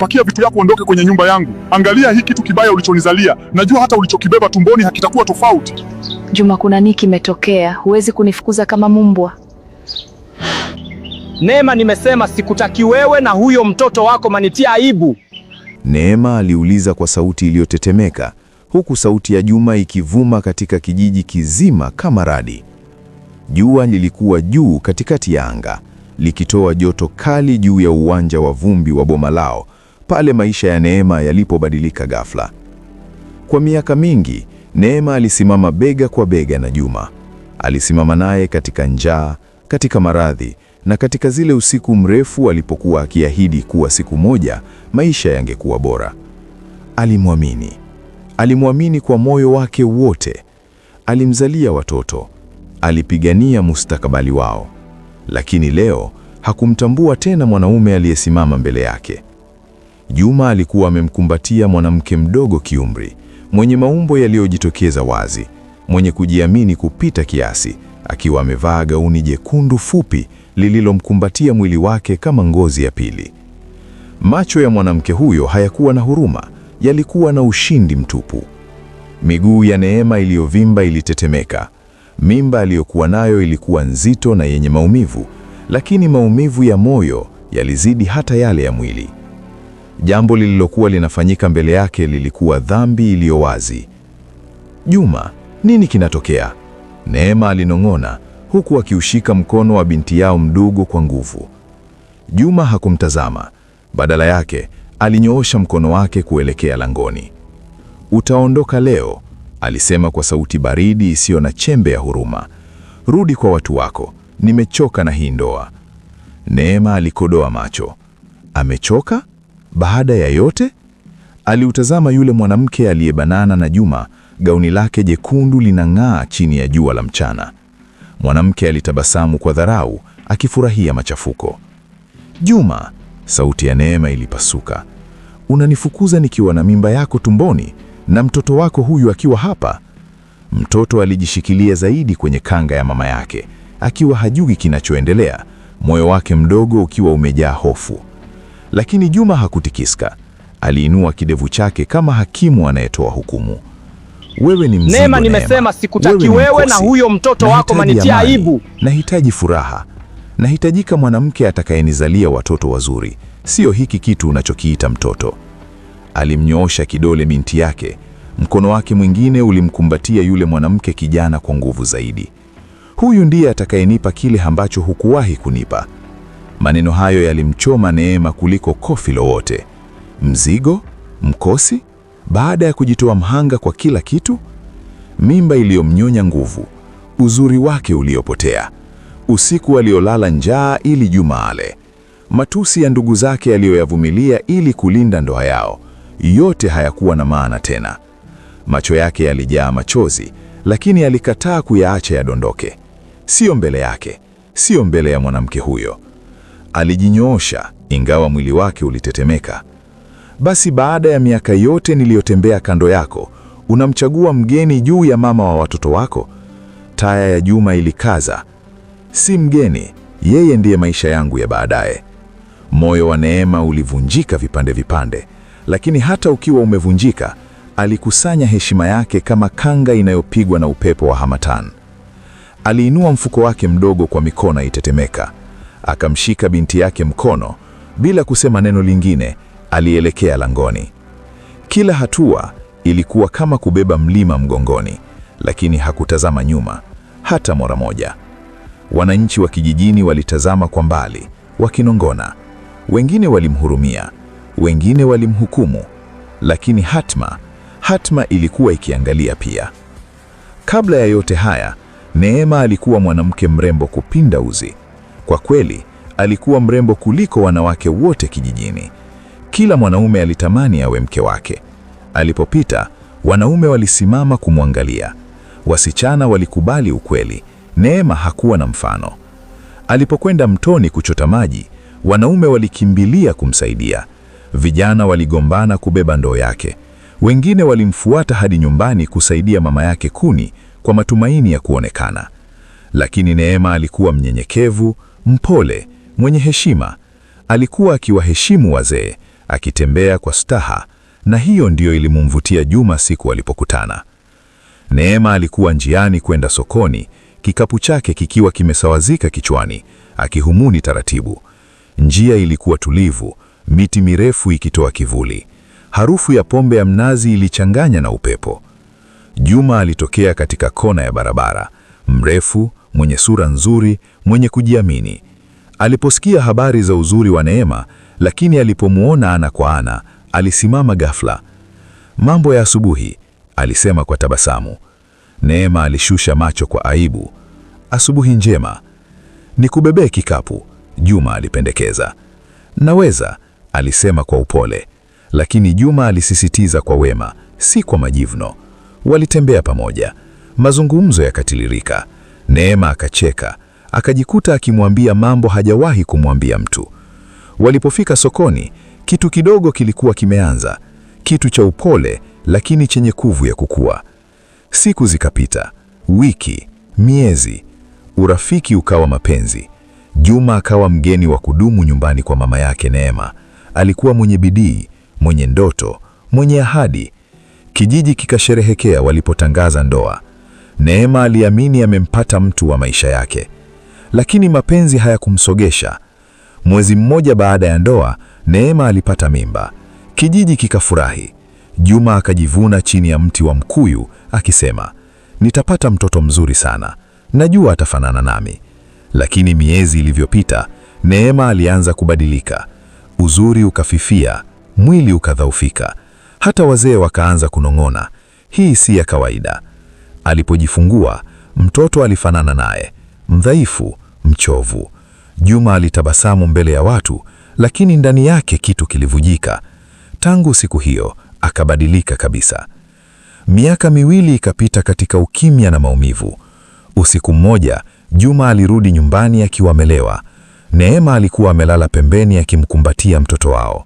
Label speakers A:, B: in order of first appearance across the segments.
A: pakia vitu yako, ondoke kwenye nyumba yangu. Angalia hii kitu kibaya ulichonizalia, najua hata ulichokibeba tumboni hakitakuwa tofauti.
B: Juma, kuna nini kimetokea? Huwezi kunifukuza kama mumbwa.
C: Neema, nimesema sikutaki wewe na huyo mtoto wako, manitia aibu.
D: Neema aliuliza kwa sauti iliyotetemeka, huku sauti ya Juma ikivuma katika kijiji kizima kama radi. Jua lilikuwa juu katikati ya anga likitoa joto kali juu ya uwanja wa vumbi wa boma lao pale maisha ya Neema yalipobadilika ghafla. Kwa miaka mingi, Neema alisimama bega kwa bega na Juma. Alisimama naye katika njaa, katika maradhi na katika zile usiku mrefu alipokuwa akiahidi kuwa siku moja maisha yangekuwa bora. Alimwamini. Alimwamini kwa moyo wake wote. Alimzalia watoto. Alipigania mustakabali wao. Lakini leo hakumtambua tena mwanaume aliyesimama mbele yake. Juma alikuwa amemkumbatia mwanamke mdogo kiumri, mwenye maumbo yaliyojitokeza wazi, mwenye kujiamini kupita kiasi, akiwa amevaa gauni jekundu fupi lililomkumbatia mwili wake kama ngozi ya pili. Macho ya mwanamke huyo hayakuwa na huruma, yalikuwa na ushindi mtupu. Miguu ya Neema iliyovimba ilitetemeka. Mimba aliyokuwa nayo ilikuwa nzito na yenye maumivu, lakini maumivu ya moyo yalizidi hata yale ya mwili. Jambo lililokuwa linafanyika mbele yake lilikuwa dhambi iliyo wazi. Juma, nini kinatokea? Neema alinong'ona huku akiushika mkono wa binti yao mdogo kwa nguvu. Juma hakumtazama, badala yake alinyoosha mkono wake kuelekea langoni. Utaondoka leo, alisema kwa sauti baridi isiyo na chembe ya huruma. Rudi kwa watu wako, nimechoka na hii ndoa. Neema alikodoa macho. Amechoka? Baada ya yote, aliutazama yule mwanamke aliyebanana na Juma, gauni lake jekundu linang'aa chini ya jua la mchana. Mwanamke alitabasamu kwa dharau, akifurahia machafuko. Juma, sauti ya Neema ilipasuka, unanifukuza nikiwa na mimba yako tumboni na mtoto wako huyu akiwa hapa? Mtoto alijishikilia zaidi kwenye kanga ya mama yake, akiwa hajui kinachoendelea, moyo wake mdogo ukiwa umejaa hofu. Lakini Juma hakutikiska Aliinua kidevu chake kama hakimu anayetoa hukumu. Wewe ni mzigo, Neema. Nimesema sikutaki wewe, wewe na huyo mtoto wako manitia aibu. Nahitaji furaha, nahitajika mwanamke atakayenizalia watoto wazuri, sio hiki kitu unachokiita mtoto. Alimnyoosha kidole binti yake, mkono wake mwingine ulimkumbatia yule mwanamke kijana kwa nguvu zaidi. Huyu ndiye atakayenipa kile ambacho hukuwahi kunipa. Maneno hayo yalimchoma Neema kuliko kofi lowote Mzigo, mkosi, baada ya kujitoa mhanga kwa kila kitu, mimba iliyomnyonya nguvu, uzuri wake uliopotea, usiku aliolala njaa ili Juma ale, matusi ya ndugu zake aliyoyavumilia ili kulinda ndoa yao, yote hayakuwa na maana tena. Macho yake yalijaa machozi, lakini alikataa kuyaacha yadondoke. Siyo mbele yake, siyo mbele ya mwanamke huyo. Alijinyoosha ingawa mwili wake ulitetemeka. Basi baada ya miaka yote niliyotembea kando yako, unamchagua mgeni juu ya mama wa watoto wako? Taya ya Juma ilikaza. Si mgeni, yeye ndiye maisha yangu ya baadaye. Moyo wa Neema ulivunjika vipande vipande, lakini hata ukiwa umevunjika, alikusanya heshima yake kama kanga inayopigwa na upepo wa hamatan. Aliinua mfuko wake mdogo kwa mikono itetemeka akamshika binti yake mkono bila kusema neno lingine, alielekea langoni. Kila hatua ilikuwa kama kubeba mlima mgongoni, lakini hakutazama nyuma hata mara moja. Wananchi wa kijijini walitazama kwa mbali wakinongona, wengine walimhurumia, wengine walimhukumu, lakini hatma hatma ilikuwa ikiangalia pia. Kabla ya yote haya, Neema alikuwa mwanamke mrembo kupinda uzi. Kwa kweli, alikuwa mrembo kuliko wanawake wote kijijini. Kila mwanaume alitamani awe mke wake. Alipopita, wanaume walisimama kumwangalia. Wasichana walikubali ukweli, Neema hakuwa na mfano. Alipokwenda mtoni kuchota maji, wanaume walikimbilia kumsaidia. Vijana waligombana kubeba ndoo yake. Wengine walimfuata hadi nyumbani kusaidia mama yake kuni kwa matumaini ya kuonekana. Lakini Neema alikuwa mnyenyekevu, mpole, mwenye heshima. Alikuwa akiwaheshimu wazee, akitembea kwa staha, na hiyo ndiyo ilimumvutia Juma siku walipokutana. Neema alikuwa njiani kwenda sokoni, kikapu chake kikiwa kimesawazika kichwani, akihumuni taratibu. Njia ilikuwa tulivu, miti mirefu ikitoa kivuli. Harufu ya pombe ya mnazi ilichanganya na upepo. Juma alitokea katika kona ya barabara, mrefu, mwenye sura nzuri, mwenye kujiamini. Aliposikia habari za uzuri wa Neema, lakini alipomuona ana kwa ana, alisimama ghafla. Mambo ya asubuhi, alisema kwa tabasamu. Neema alishusha macho kwa aibu. Asubuhi njema. Nikubebee kikapu, Juma alipendekeza. Naweza, alisema kwa upole, lakini Juma alisisitiza kwa wema, si kwa majivuno. Walitembea pamoja, mazungumzo yakatiririka. Neema akacheka, akajikuta akimwambia mambo hajawahi kumwambia mtu. Walipofika sokoni, kitu kidogo kilikuwa kimeanza, kitu cha upole lakini chenye kuvu ya kukua. Siku zikapita, wiki, miezi, urafiki ukawa mapenzi. Juma akawa mgeni wa kudumu nyumbani kwa mama yake Neema. Alikuwa mwenye bidii, mwenye ndoto, mwenye ahadi. Kijiji kikasherehekea walipotangaza ndoa. Neema aliamini amempata mtu wa maisha yake, lakini mapenzi hayakumsogesha. Mwezi mmoja baada ya ndoa, Neema alipata mimba. Kijiji kikafurahi. Juma akajivuna chini ya mti wa mkuyu akisema, nitapata mtoto mzuri sana, najua atafanana nami. Lakini miezi ilivyopita, Neema alianza kubadilika. Uzuri ukafifia, mwili ukadhaufika, hata wazee wakaanza kunong'ona, hii si ya kawaida. Alipojifungua, mtoto alifanana naye, mdhaifu, mchovu. Juma alitabasamu mbele ya watu, lakini ndani yake kitu kilivujika. Tangu siku hiyo akabadilika kabisa. Miaka miwili ikapita katika ukimya na maumivu. Usiku mmoja, Juma alirudi nyumbani akiwa amelewa. Neema alikuwa amelala pembeni akimkumbatia mtoto wao.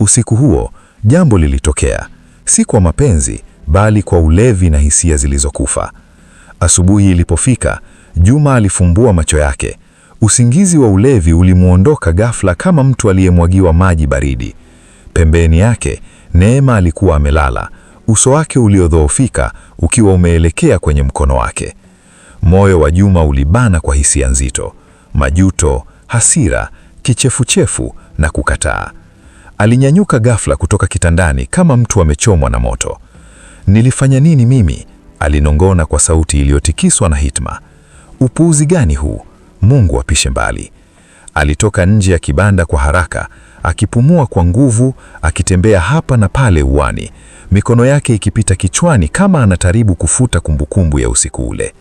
D: Usiku huo jambo lilitokea, si kwa mapenzi, bali kwa ulevi na hisia zilizokufa. Asubuhi ilipofika, Juma alifumbua macho yake. Usingizi wa ulevi ulimwondoka ghafla kama mtu aliyemwagiwa maji baridi. Pembeni yake, Neema alikuwa amelala, uso wake uliodhoofika ukiwa umeelekea kwenye mkono wake. Moyo wa Juma ulibana kwa hisia nzito: majuto, hasira, kichefuchefu na kukataa. Alinyanyuka ghafla kutoka kitandani kama mtu amechomwa na moto. Nilifanya nini mimi? alinong'ona kwa sauti iliyotikiswa na hitma. Upuuzi gani huu? Mungu apishe mbali. Alitoka nje ya kibanda kwa haraka, akipumua kwa nguvu, akitembea hapa na pale uwani, mikono yake ikipita kichwani kama anataribu kufuta kumbukumbu ya usiku ule.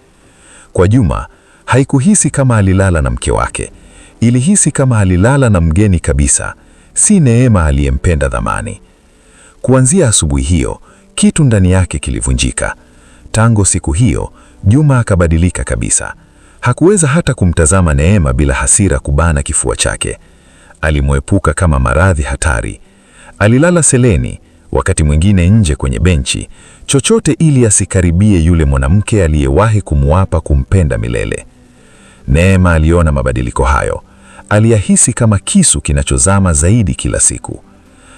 D: Kwa Juma haikuhisi kama alilala na mke wake, ilihisi kama alilala na mgeni kabisa, si Neema aliyempenda dhamani. Kuanzia asubuhi hiyo kitu ndani yake kilivunjika. Tangu siku hiyo, Juma akabadilika kabisa. Hakuweza hata kumtazama Neema bila hasira kubana kifua chake. Alimwepuka kama maradhi hatari. Alilala seleni, wakati mwingine nje kwenye benchi, chochote ili asikaribie yule mwanamke aliyewahi kumwapa kumpenda milele. Neema aliona mabadiliko hayo, aliyahisi kama kisu kinachozama zaidi kila siku.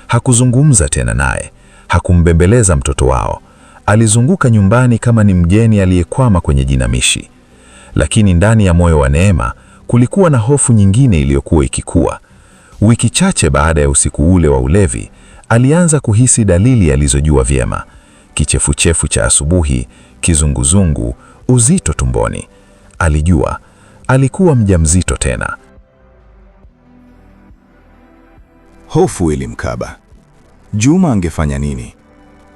D: Hakuzungumza tena naye, hakumbembeleza mtoto wao. Alizunguka nyumbani kama ni mgeni aliyekwama kwenye jinamishi. Lakini ndani ya moyo wa Neema kulikuwa na hofu nyingine iliyokuwa ikikua. Wiki chache baada ya usiku ule wa ulevi, alianza kuhisi dalili alizojua vyema: kichefuchefu cha asubuhi, kizunguzungu, uzito tumboni. Alijua alikuwa mjamzito tena. Hofu ilimkaba. Juma angefanya nini?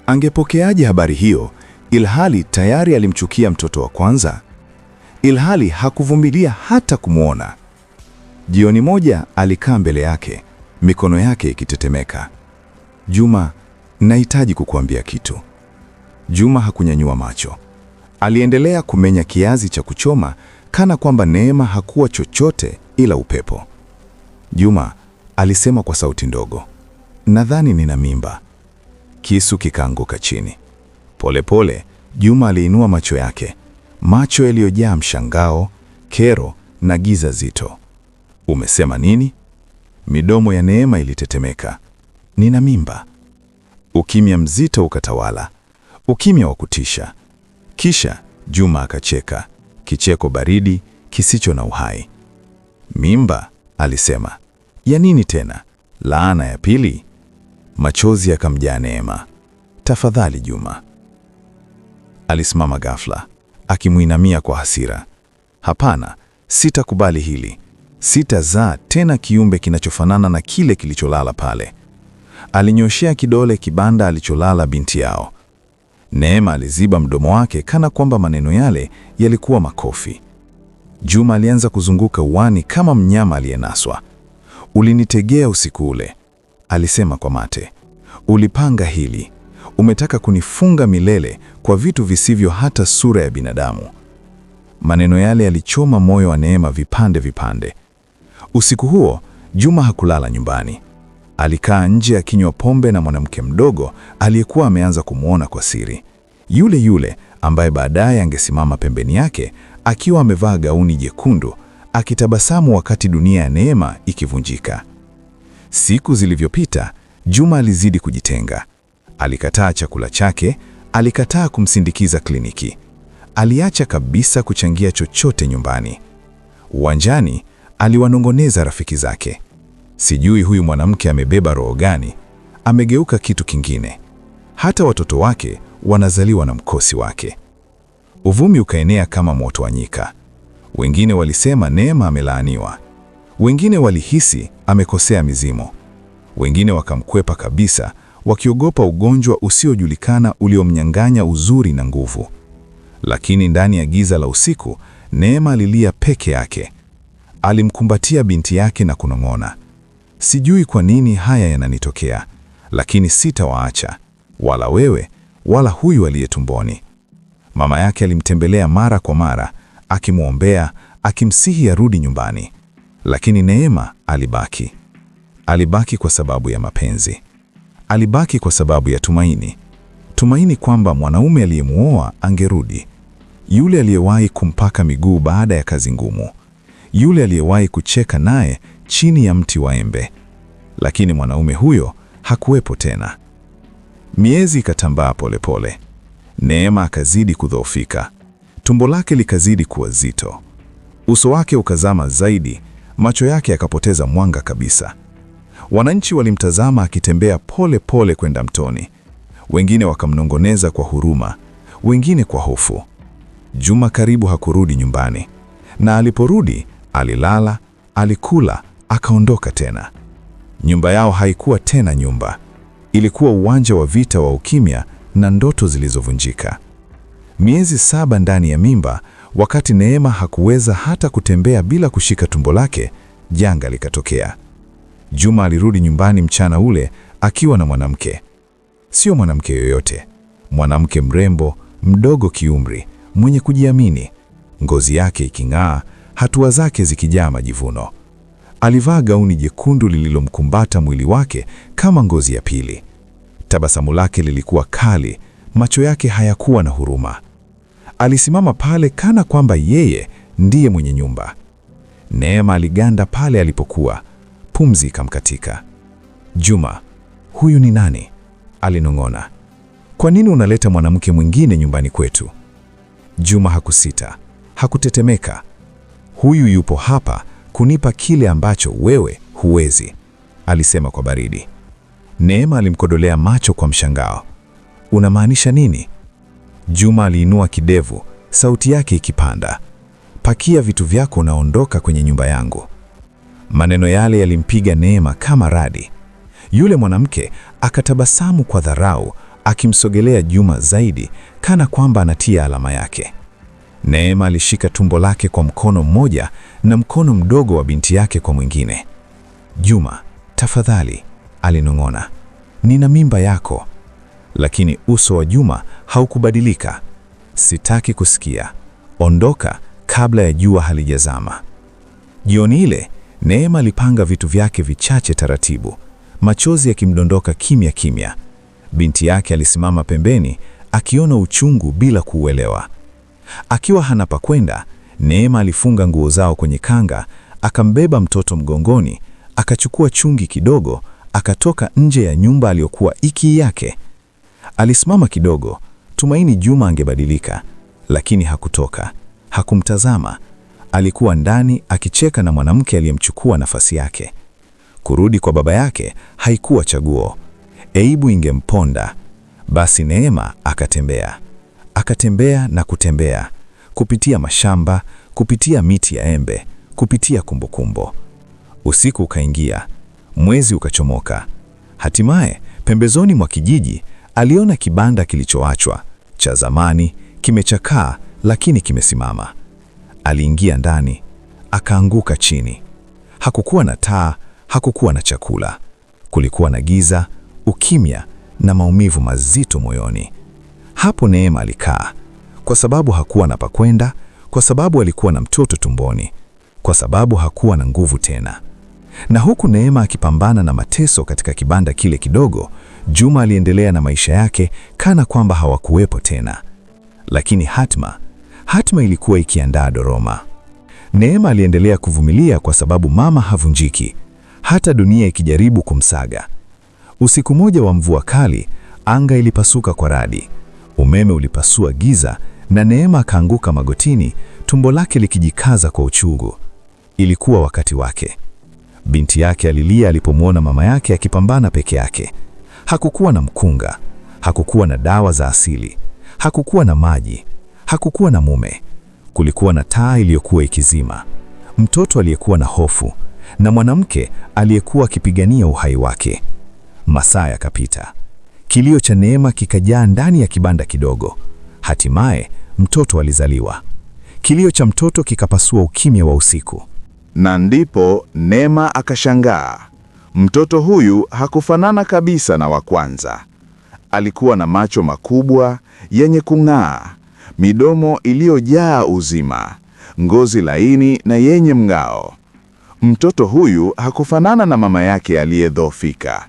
D: Angepokeaje habari hiyo, ilhali tayari alimchukia mtoto wa kwanza, ilhali hakuvumilia hata kumwona. Jioni moja alikaa mbele yake, mikono yake ikitetemeka. Juma, nahitaji kukuambia kitu. Juma hakunyanyua macho. Aliendelea kumenya kiazi cha kuchoma kana kwamba Neema hakuwa chochote ila upepo. Juma alisema kwa sauti ndogo nadhani nina mimba. Kisu kikaanguka chini. Polepole pole, Juma aliinua macho yake, macho yaliyojaa mshangao, kero na giza zito. Umesema nini? Midomo ya Neema ilitetemeka. Nina mimba. Ukimya mzito ukatawala, ukimya wa kutisha. Kisha Juma akacheka, kicheko baridi kisicho na uhai. Mimba, alisema. Ya nini tena? Laana ya pili? Machozi yakamjaa Neema. Tafadhali Juma. Alisimama ghafla, akimwinamia kwa hasira. Hapana, sitakubali hili. Sitazaa tena kiumbe kinachofanana na kile kilicholala pale. Alinyoshea kidole kibanda alicholala binti yao. Neema aliziba mdomo wake kana kwamba maneno yale yalikuwa makofi. Juma alianza kuzunguka uwani kama mnyama aliyenaswa. Ulinitegea usiku ule alisema kwa mate. Ulipanga hili, umetaka kunifunga milele kwa vitu visivyo hata sura ya binadamu. Maneno yale yalichoma moyo wa Neema vipande vipande. Usiku huo Juma hakulala nyumbani. Alikaa nje akinywa pombe na mwanamke mdogo aliyekuwa ameanza kumwona kwa siri, yule yule ambaye baadaye angesimama pembeni yake akiwa amevaa gauni jekundu akitabasamu wakati dunia ya Neema ikivunjika. Siku zilivyopita, Juma alizidi kujitenga. Alikataa chakula chake, alikataa kumsindikiza kliniki. Aliacha kabisa kuchangia chochote nyumbani. Uwanjani aliwanongoneza rafiki zake, sijui huyu mwanamke amebeba roho gani, amegeuka kitu kingine. Hata watoto wake wanazaliwa na mkosi wake. Uvumi ukaenea kama moto wa nyika. Wengine walisema Neema amelaaniwa, wengine walihisi amekosea mizimu, wengine wakamkwepa kabisa, wakiogopa ugonjwa usiojulikana uliomnyang'anya uzuri na nguvu. Lakini ndani ya giza la usiku, Neema alilia peke yake. Alimkumbatia binti yake na kunong'ona, sijui kwa nini haya yananitokea, lakini sitawaacha, wala wewe wala huyu aliyetumboni. Mama yake alimtembelea mara kwa mara, akimwombea, akimsihi arudi nyumbani. Lakini Neema alibaki. Alibaki kwa sababu ya mapenzi. Alibaki kwa sababu ya tumaini. Tumaini kwamba mwanaume aliyemuoa angerudi. Yule aliyewahi kumpaka miguu baada ya kazi ngumu. Yule aliyewahi kucheka naye chini ya mti wa embe. Lakini mwanaume huyo hakuwepo tena. Miezi ikatambaa polepole. Neema akazidi kudhoofika. Tumbo lake likazidi kuwa zito. Uso wake ukazama zaidi macho yake yakapoteza mwanga kabisa. Wananchi walimtazama akitembea pole pole kwenda mtoni, wengine wakamnongoneza kwa huruma, wengine kwa hofu. Juma karibu hakurudi nyumbani, na aliporudi alilala, alikula, akaondoka tena. Nyumba yao haikuwa tena nyumba, ilikuwa uwanja wa vita wa ukimya na ndoto zilizovunjika. Miezi saba ndani ya mimba Wakati Neema hakuweza hata kutembea bila kushika tumbo lake, janga likatokea. Juma alirudi nyumbani mchana ule akiwa na mwanamke. Sio mwanamke yoyote, mwanamke mrembo, mdogo kiumri, mwenye kujiamini, ngozi yake iking'aa, hatua zake zikijaa majivuno. Alivaa gauni jekundu lililomkumbata mwili wake kama ngozi ya pili. Tabasamu lake lilikuwa kali, macho yake hayakuwa na huruma. Alisimama pale kana kwamba yeye ndiye mwenye nyumba. Neema aliganda pale alipokuwa, pumzi ikamkatika. Juma, huyu ni nani? alinong'ona. Kwa nini unaleta mwanamke mwingine nyumbani kwetu? Juma hakusita, hakutetemeka. Huyu yupo hapa kunipa kile ambacho wewe huwezi, alisema kwa baridi. Neema alimkodolea macho kwa mshangao. Unamaanisha nini? Juma aliinua kidevu, sauti yake ikipanda. Pakia vitu vyako, unaondoka kwenye nyumba yangu. Maneno yale yalimpiga Neema kama radi. Yule mwanamke akatabasamu kwa dharau, akimsogelea Juma zaidi, kana kwamba anatia alama yake. Neema alishika tumbo lake kwa mkono mmoja na mkono mdogo wa binti yake kwa mwingine. Juma, tafadhali, alinong'ona, nina mimba yako, lakini uso wa Juma haukubadilika. Sitaki kusikia, ondoka kabla ya jua halijazama. Jioni ile Neema alipanga vitu vyake vichache taratibu, machozi yakimdondoka kimya kimya. Binti yake alisimama pembeni akiona uchungu bila kuuelewa. Akiwa hana pa kwenda, Neema alifunga nguo zao kwenye kanga, akambeba mtoto mgongoni, akachukua chungi kidogo, akatoka nje ya nyumba aliyokuwa iki yake. Alisimama kidogo, tumaini Juma angebadilika, lakini hakutoka, hakumtazama. Alikuwa ndani akicheka na mwanamke aliyemchukua nafasi yake. Kurudi kwa baba yake haikuwa chaguo, aibu ingemponda. Basi Neema akatembea, akatembea na kutembea, kupitia mashamba, kupitia miti ya embe, kupitia kumbukumbu. Usiku ukaingia, mwezi ukachomoka. Hatimaye pembezoni mwa kijiji Aliona kibanda kilichoachwa cha zamani, kimechakaa lakini kimesimama. Aliingia ndani, akaanguka chini. Hakukuwa na taa, hakukuwa na chakula. Kulikuwa na giza, ukimya na maumivu mazito moyoni. Hapo Neema alikaa, kwa sababu hakuwa na pakwenda, kwa sababu alikuwa na mtoto tumboni, kwa sababu hakuwa na nguvu tena. Na huku Neema akipambana na mateso katika kibanda kile kidogo, Juma aliendelea na maisha yake kana kwamba hawakuwepo tena. Lakini hatma, hatma ilikuwa ikiandaa Doroma. Neema aliendelea kuvumilia kwa sababu mama havunjiki, hata dunia ikijaribu kumsaga. Usiku mmoja wa mvua kali, anga ilipasuka kwa radi, umeme ulipasua giza, na Neema akaanguka magotini, tumbo lake likijikaza kwa uchungu. Ilikuwa wakati wake. Binti yake alilia alipomwona mama yake akipambana peke yake. Hakukuwa na mkunga, hakukuwa na dawa za asili, hakukuwa na maji, hakukuwa na mume. Kulikuwa na taa iliyokuwa ikizima, mtoto aliyekuwa na hofu, na mwanamke aliyekuwa akipigania uhai wake. Masaa yakapita, kilio cha Neema kikajaa ndani ya kibanda kidogo. Hatimaye mtoto alizaliwa. Kilio cha mtoto kikapasua ukimya wa usiku
E: na ndipo Neema akashangaa. Mtoto huyu hakufanana kabisa na wa kwanza. Alikuwa na macho makubwa yenye kung'aa, midomo iliyojaa uzima, ngozi laini na yenye mng'ao. Mtoto huyu hakufanana na mama yake aliyedhoofika.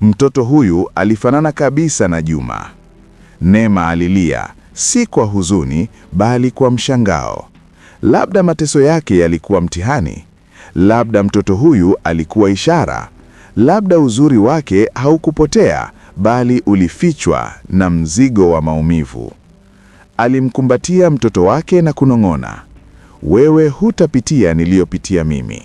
E: Mtoto huyu alifanana kabisa na Juma. Neema alilia, si kwa huzuni, bali kwa mshangao. Labda mateso yake yalikuwa mtihani. Labda mtoto huyu alikuwa ishara, labda uzuri wake haukupotea bali ulifichwa na mzigo wa maumivu. Alimkumbatia mtoto wake na kunong'ona, wewe hutapitia niliyopitia mimi.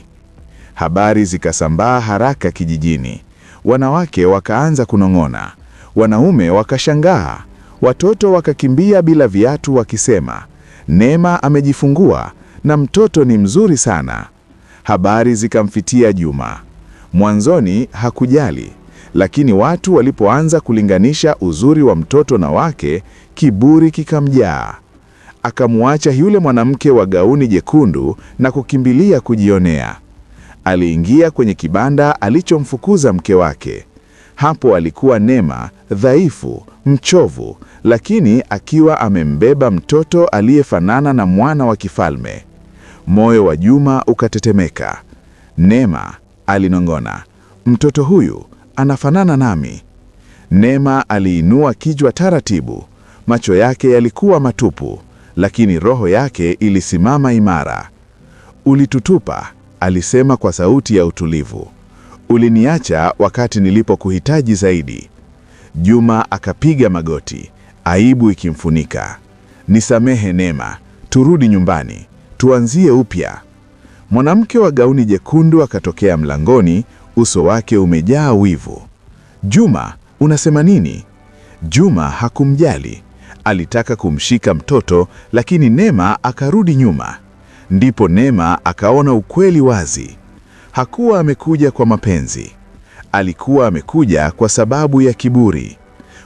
E: Habari zikasambaa haraka kijijini, wanawake wakaanza kunong'ona, wanaume wakashangaa, watoto wakakimbia bila viatu wakisema, Neema amejifungua na mtoto ni mzuri sana. Habari zikamfitia Juma. Mwanzoni hakujali, lakini watu walipoanza kulinganisha uzuri wa mtoto na wake, kiburi kikamjaa. Akamwacha yule mwanamke wa gauni jekundu na kukimbilia kujionea. Aliingia kwenye kibanda alichomfukuza mke wake. Hapo alikuwa Nema, dhaifu, mchovu, lakini akiwa amembeba mtoto aliyefanana na mwana wa kifalme. Moyo wa Juma ukatetemeka. Neema, alinong'ona, mtoto huyu anafanana nami. Neema aliinua kichwa taratibu. Macho yake yalikuwa matupu, lakini roho yake ilisimama imara. Ulitutupa, alisema kwa sauti ya utulivu. Uliniacha wakati nilipokuhitaji zaidi. Juma akapiga magoti, aibu ikimfunika. Nisamehe Neema, turudi nyumbani tuanzie upya. Mwanamke wa gauni jekundu akatokea mlangoni, uso wake umejaa wivu. Juma, unasema nini? Juma hakumjali. Alitaka kumshika mtoto, lakini Neema akarudi nyuma. Ndipo Neema akaona ukweli wazi. Hakuwa amekuja kwa mapenzi. Alikuwa amekuja kwa sababu ya kiburi.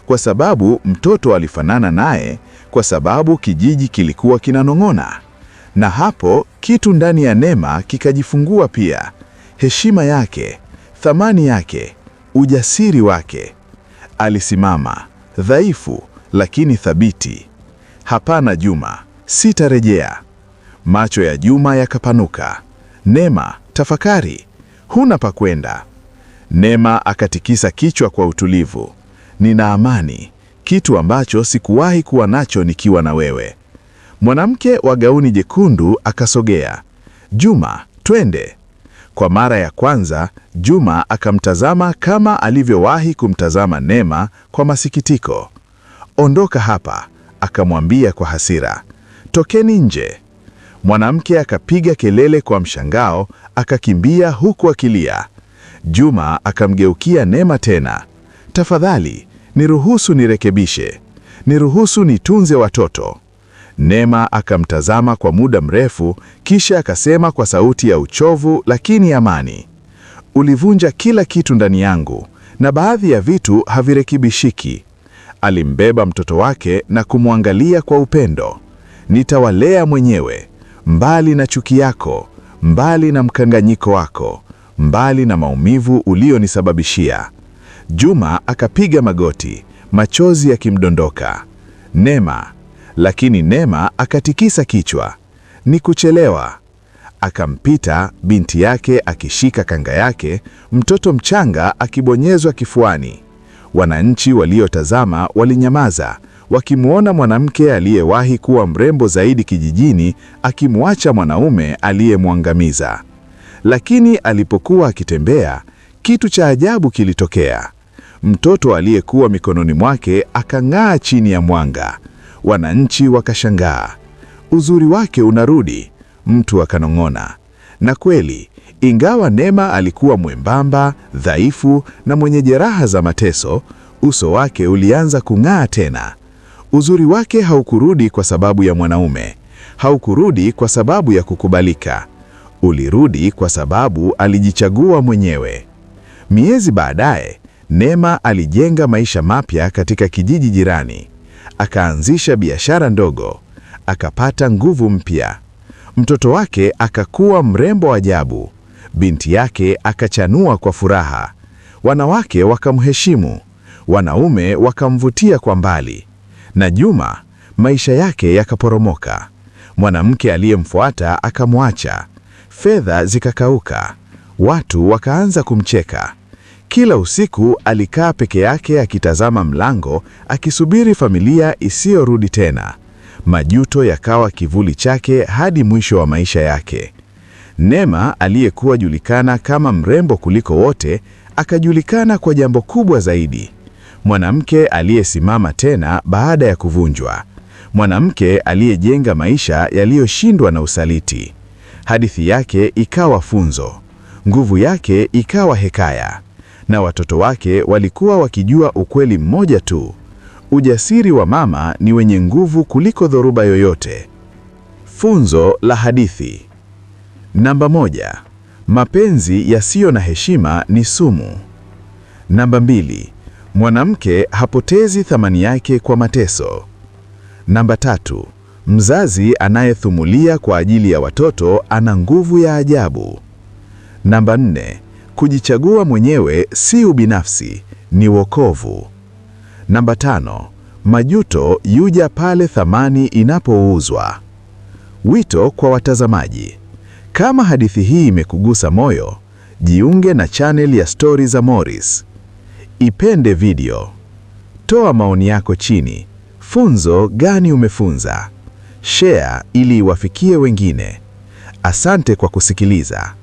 E: Kwa sababu mtoto alifanana naye, kwa sababu kijiji kilikuwa kinanong'ona na hapo kitu ndani ya Neema kikajifungua pia: heshima yake, thamani yake, ujasiri wake. Alisimama dhaifu lakini thabiti. Hapana Juma, sitarejea. Macho ya Juma yakapanuka. Neema, tafakari, huna pa kwenda. Neema akatikisa kichwa kwa utulivu. Nina amani, kitu ambacho sikuwahi kuwa nacho nikiwa na wewe. Mwanamke wa gauni jekundu akasogea. Juma, twende. Kwa mara ya kwanza, Juma akamtazama kama alivyowahi kumtazama Neema kwa masikitiko. Ondoka hapa, akamwambia kwa hasira. Tokeni nje. Mwanamke akapiga kelele kwa mshangao, akakimbia huku akilia. Juma akamgeukia Neema tena. Tafadhali, niruhusu nirekebishe. Niruhusu nitunze watoto. Neema akamtazama kwa muda mrefu, kisha akasema kwa sauti ya uchovu lakini amani, ulivunja kila kitu ndani yangu na baadhi ya vitu havirekebishiki. Alimbeba mtoto wake na kumwangalia kwa upendo. Nitawalea mwenyewe, mbali na chuki yako, mbali na mkanganyiko wako, mbali na maumivu ulionisababishia Juma akapiga magoti, machozi yakimdondoka. Neema, lakini nema akatikisa kichwa, ni kuchelewa. Akampita binti yake akishika kanga yake, mtoto mchanga akibonyezwa kifuani. Wananchi waliotazama walinyamaza, wakimwona mwanamke aliyewahi kuwa mrembo zaidi kijijini akimwacha mwanaume aliyemwangamiza. Lakini alipokuwa akitembea, kitu cha ajabu kilitokea. Mtoto aliyekuwa mikononi mwake akang'aa chini ya mwanga. Wananchi wakashangaa, uzuri wake unarudi, mtu akanong'ona. Na kweli, ingawa Neema alikuwa mwembamba, dhaifu na mwenye jeraha za mateso, uso wake ulianza kung'aa tena. Uzuri wake haukurudi kwa sababu ya mwanaume, haukurudi kwa sababu ya kukubalika, ulirudi kwa sababu alijichagua mwenyewe. Miezi baadaye, Neema alijenga maisha mapya katika kijiji jirani akaanzisha biashara ndogo, akapata nguvu mpya. Mtoto wake akakuwa mrembo ajabu, binti yake akachanua kwa furaha, wanawake wakamheshimu, wanaume wakamvutia kwa mbali. Na Juma maisha yake yakaporomoka. Mwanamke aliyemfuata akamwacha, fedha zikakauka, watu wakaanza kumcheka. Kila usiku alikaa peke yake akitazama mlango, akisubiri familia isiyorudi tena. Majuto yakawa kivuli chake hadi mwisho wa maisha yake. nema aliyekuwa julikana kama mrembo kuliko wote, akajulikana kwa jambo kubwa zaidi. Mwanamke aliyesimama tena baada ya kuvunjwa. Mwanamke aliyejenga maisha yaliyoshindwa na usaliti. Hadithi yake ikawa funzo. Nguvu yake ikawa hekaya na watoto wake walikuwa wakijua ukweli mmoja tu: ujasiri wa mama ni wenye nguvu kuliko dhoruba yoyote. Funzo la hadithi namba moja: mapenzi yasiyo na heshima ni sumu. Namba mbili: mwanamke hapotezi thamani yake kwa mateso. Namba tatu: mzazi anayethumulia kwa ajili ya watoto ana nguvu ya ajabu. Namba nne: kujichagua mwenyewe si ubinafsi, ni wokovu. Namba tano, majuto yuja pale thamani inapouzwa. Wito kwa watazamaji: kama hadithi hii imekugusa moyo, jiunge na channel ya Stori za Morris, ipende video, toa maoni yako chini. Funzo gani umefunza? Share ili iwafikie wengine. Asante kwa kusikiliza.